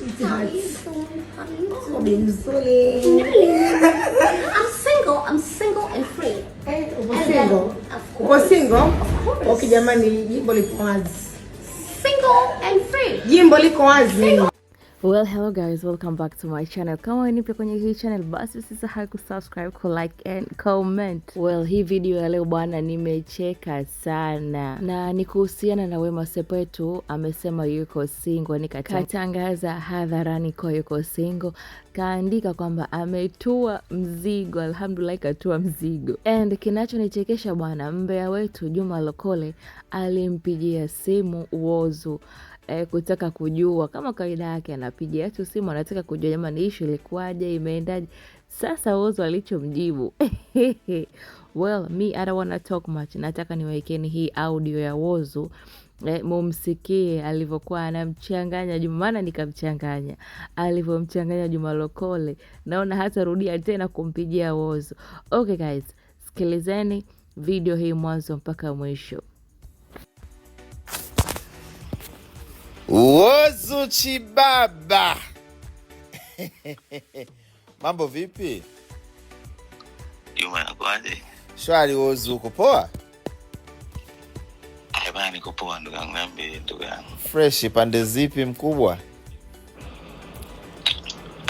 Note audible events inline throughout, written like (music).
I'm single. I'm single and free. Eh, single? jamani, jimbo liko wazi. Jimbo liko wazi. Well, hello guys, welcome back to my channel. Kama nipe kwenye hii channel basi usisahau kusubscribe, ku like and comment. Well, hii video ya leo bwana, nimecheka sana na ni kuhusiana na Wema Sepetu amesema yuko single, nikatangaza hadharani kwa yuko single, kaandika kwamba ametua mzigo. Alhamdulillah, katua mzigo. And kinachonichekesha bwana, mbea wetu Juma Lokole alimpigia simu Whozu eh, kutaka kujua kama kawaida yake, anapiga watu yaani simu, anataka kujua jamani, ishu ilikuwaje, imeendaje. Sasa Whozu alichomjibu (laughs) well me I don't wanna talk much, nataka niwaekeni hii audio ya Whozu eh, mumsikie alivyokuwa anamchanganya Juma, maana nikamchanganya alivyomchanganya Juma Lokole, naona hata rudia tena kumpigia Whozu. Okay guys, sikilizeni video hii mwanzo mpaka mwisho. Wozuchi baba (laughs) mambo vipi? Juma nakwaje? Shwari Wozu, uko poa? Bana, niko poa ndugu yangu. Niambie ndugu yangu. Fresh, pande zipi mkubwa?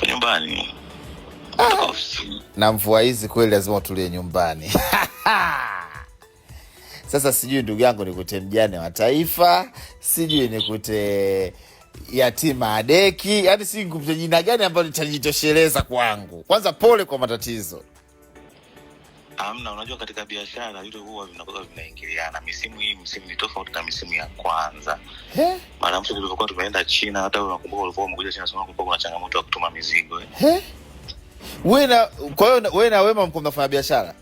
Nyumbani. Ah, na mvua hizi kweli lazima utulie nyumbani (laughs) Sasa sijui ndugu yangu nikute mjane wa taifa, sijui nikute yatima adeki, yani si nikute jina gani ambalo litajitosheleza kwangu. Kwanza pole kwa matatizo. Amna, unajua katika biashara vitu huwa vinakuwa vinaingiliana. Misimu hii msimu ni tofauti na misimu ya kwanza. Maana mtu tulivyokuwa tumeenda China, hata wewe unakumbuka ulikuwa umekuja China, sema kulikuwa kuna changamoto ya kutuma mizigo. eh. Wewe na kwa hiyo wewe na Wema mko mnafanya biashara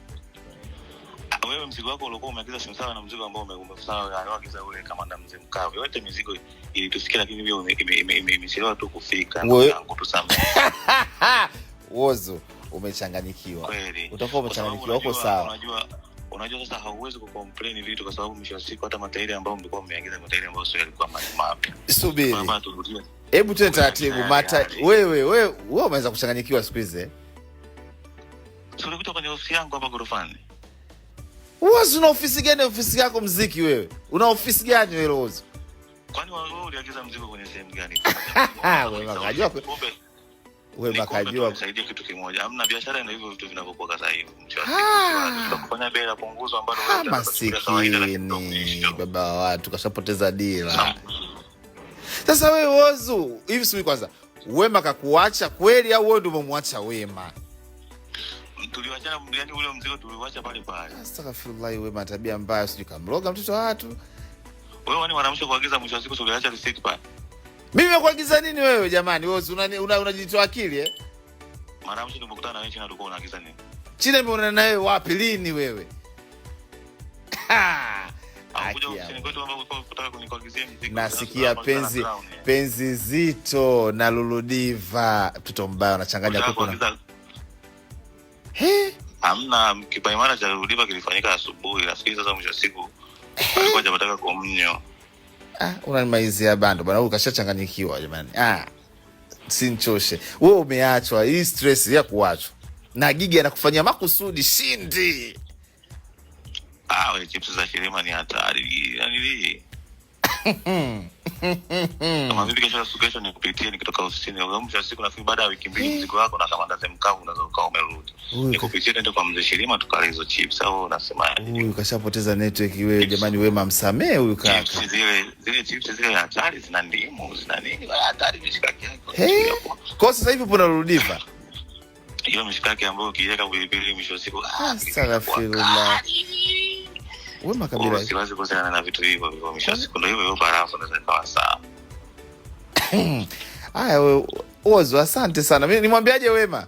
wewe mzigo wako uliokuwa umeagiza si sawa na mzigo ambao umeagiza ule kamanda mzee mkavu Yote mizigo ilitufikia, lakini hiyo imechelewa tu kufika. (laughs) Wozo, umechanganyikiwa, utakuwa umechanganyikiwa. Uko sawa? Unajua, unajua sasa hauwezi ku complain vitu kwa sababu mwisho wa siku hata matairi ambayo mlikuwa mmeagiza, matairi ambayo sio yalikuwa mapya. Subiri, hebu tuende taratibu. Mata wewe wewe wewe umeweza kuchanganyikiwa siku hizi, eh? sio? Ulikuta kwenye ofisi yangu hapa gorofani Uwazi una ofisi gani? Ofisi yako mziki wewe, una ofisi gani wewe Rose? Kwani wewe uliagiza mziki kwenye sehemu gani? (laughs) Wewe makajua wewe makajua kusaidia kitu kimoja. Hamna biashara ina hivyo vitu vinavyokuwa sasa hivi. Tunakufanya bei la punguzo ambalo wewe masikini baba wa watu kashapoteza dira. Sasa wewe Rose, hivi siku kwanza Wema kakuacha kweli au wewe ndio umemwacha Wema? tuliwachana yani, ule mzigo tuliwacha pale pale. Astaghfirullah, wewe matabia mbaya, sijui mtoto wa watu wewe. Wani mwanamke kuagiza, mwisho wa siku tuliacha receipt pale. Mimi nini wewe? Jamani wewe unajitoa akili eh? Mwanamke nimekutana na wewe China, ulikuwa unaagiza nini? China na wewe wapi lini wewe? Nasikia penzi eh? penzi zito na Luludiva, mtoto mbaya, unachanganya kuku amna kipaimara cha Lulipa kilifanyika asubuhi, lakini sasa mwisho wa siku alikuwa hajapataka kumnyo. Ah, unanimaizia bando bwana, huyu kashachanganyikiwa jamani. Ah, sinchoshe wewe, umeachwa hii stress ya kuachwa na Gigi anakufanyia makusudi shindi. Ah, wale chipsi za Kilima ni hatari. (laughs) Kama vipi kesho asubuhi kesho nikupitie nikitoka ofisini. Mwisho wa siku nafikiri baada ya wiki mbili mm. mzigo wako na kama ndaze mkavu unaweza ukawa umerudi. Nikupitie tende kwa mzee Shirima tukale hizo chips au unasema yaani. Huyu kashapoteza network wewe jamani wewe mamsamee huyu kaka. Chips zile zile chips zile hatari zina ndimu zina nini wala hatari mishikaki yako. Hey. Kwa sasa hivi kuna rudiva. Hiyo mishikaki ambayo ukiweka pilipili mwisho wa siku. Astaghfirullah. Ah, Wema Kabila siwezi na vitu hivyo hivyo, mwisho yaani- hivyo hivyo, barafu (clears throat) Ozo, asante sana. Mimi nimwambiaje Wema?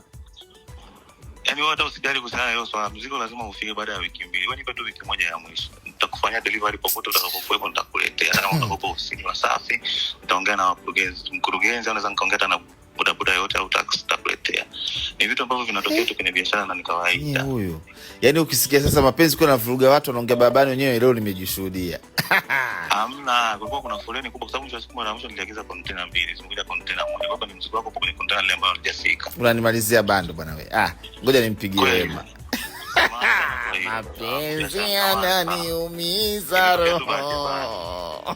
Yaani wewe hata usijali hiyo swala, mzigo lazima ufike baada ya wiki mbili. Wewe nipe tu wiki moja ya mwisho, nitakufanyia delivery popote utakapokuwepo, nitakuletea. Kama hmm. Wasafi, nitaongea na mkurugenzi anaweza nikaongea na muda yote au tax takuletea. Ni vitu ambavyo vinatokea tu eh. kwenye biashara na ni kawaida. Huyu yaani, ukisikia sasa mapenzi kwa nafuruga watu wanaongea babani wenyewe, leo nimejishuhudia (laughs) Hamna, kulikuwa kuna foleni kubwa, kwa sababu mwisho siku ya mwisho niliagiza kontena mbili, zimekuja kontena moja. Kwa ni mzigo wako kwenye kontena ile ambayo halijafika. Unanimalizia bando bwana wewe. Ah, ngoja nimpigie Wema. (laughs) (laughs) Mapenzi yananiumiza roho.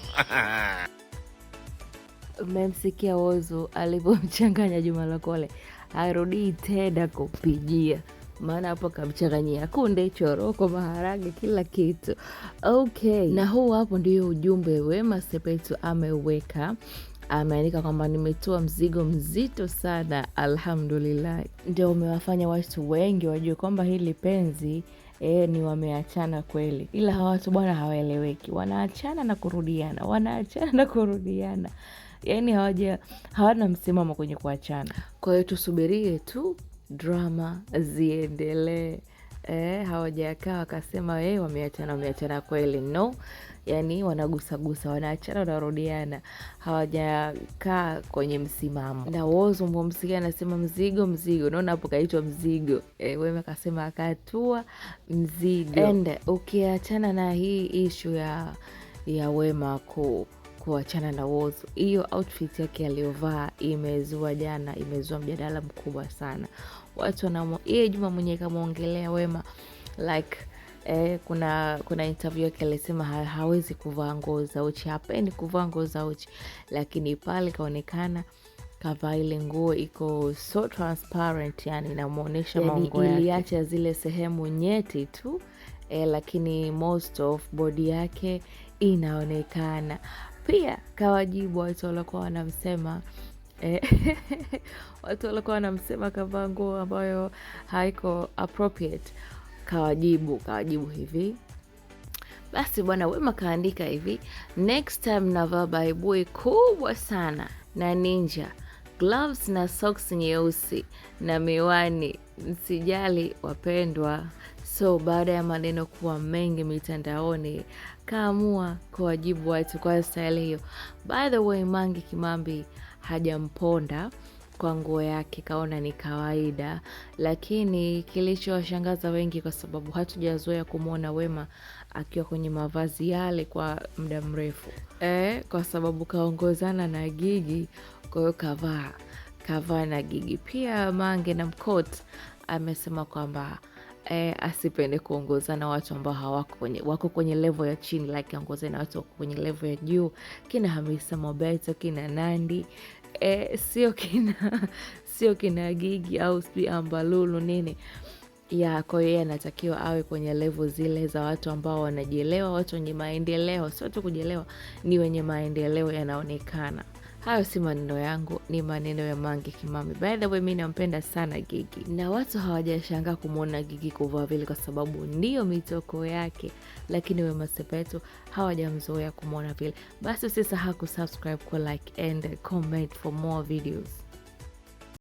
Mmemsikia Whozu alivyomchanganya (laughs) Juma Lokole, arudii tena kupigia maana hapo kamchanganyia kunde, choroko, maharage, kila kitu okay. Na huu hapo ndio ujumbe Wema Sepetu ameweka ameandika kwamba nimetoa mzigo mzito sana, alhamdulillah. Ndio umewafanya watu wengi wajue kwamba hili penzi E, ni wameachana kweli, ila hawatu watu bwana hawaeleweki, wanaachana na kurudiana, wanaachana na kurudiana yani hawaja hawana msimamo kwenye kuachana. Kwa hiyo tusubirie tu drama ziendelee. Eh, hawajakaa wakasema hey, eh, wameachana wameachana kweli. No, yani wanagusagusa, wanaachana, wanarudiana, hawajakaa kwenye msimamo. Na Wozombo Msigi anasema mzigo mzigo, naona hapo kaitwa mzigo. E, Wema akasema akatua mzigo. And ukiachana na hii ishu ya ya Wema kuu kuachana na Whozu. Hiyo outfit yake aliyovaa imezua jana, imezua mjadala mkubwa sana, watu wanamo. Yeye Juma mwenyewe kamwongelea Wema like Eh, kuna kuna interview yake alisema ha, hawezi kuvaa nguo za uchi, hapendi kuvaa nguo za uchi, lakini pale kaonekana kavaa ile nguo iko so transparent, yani maungo yake, iliacha zile sehemu nyeti tu eh, lakini most of body yake inaonekana. Pia kawajibu watu waliokuwa wanamsema eh, (laughs) watu walikuwa wanamsema kavaa nguo ambayo haiko appropriate, kawajibu kawajibu hivi basi. Bwana Wema kaandika hivi, next time navaa baibui kubwa sana na ninja gloves na socks nyeusi na miwani. Msijali wapendwa. So baada ya maneno kuwa mengi mitandaoni, kaamua kuwajibu watu kwa staili hiyo. By the way, Mange Kimambi hajamponda kwa nguo yake, kaona ni kawaida, lakini kilichowashangaza wengi, kwa sababu hatujazoea kumwona Wema akiwa kwenye mavazi yale kwa muda mrefu e, kwa sababu kaongozana na Gigi, kwa hiyo kavaa kavaa na Gigi pia. Mange na Mkot amesema kwamba eh, asipende kuongoza na watu ambao hawako kwenye, wako kwenye level ya chini, like aongoze na watu wako kwenye level ya juu, kina Hamisa Mobeto, kina Nandi eh, sio kina (laughs) sio kina Gigi au sijui Ambalulu nini ya kwa hiyo yeye anatakiwa awe kwenye levo zile za watu ambao wanajielewa, watu wenye maendeleo, sio tu kujielewa, ni wenye maendeleo yanaonekana. Hayo si maneno yangu, ni maneno ya Mange Kimambi. By the way, mi nampenda sana Gigi na watu hawajashangaa kumwona Gigi kuvaa vile kwa sababu ndiyo mitoko yake, lakini Wema Sepetu hawajamzoea kumwona vile. Basi usisahau kusubscribe, ku like and comment for more videos.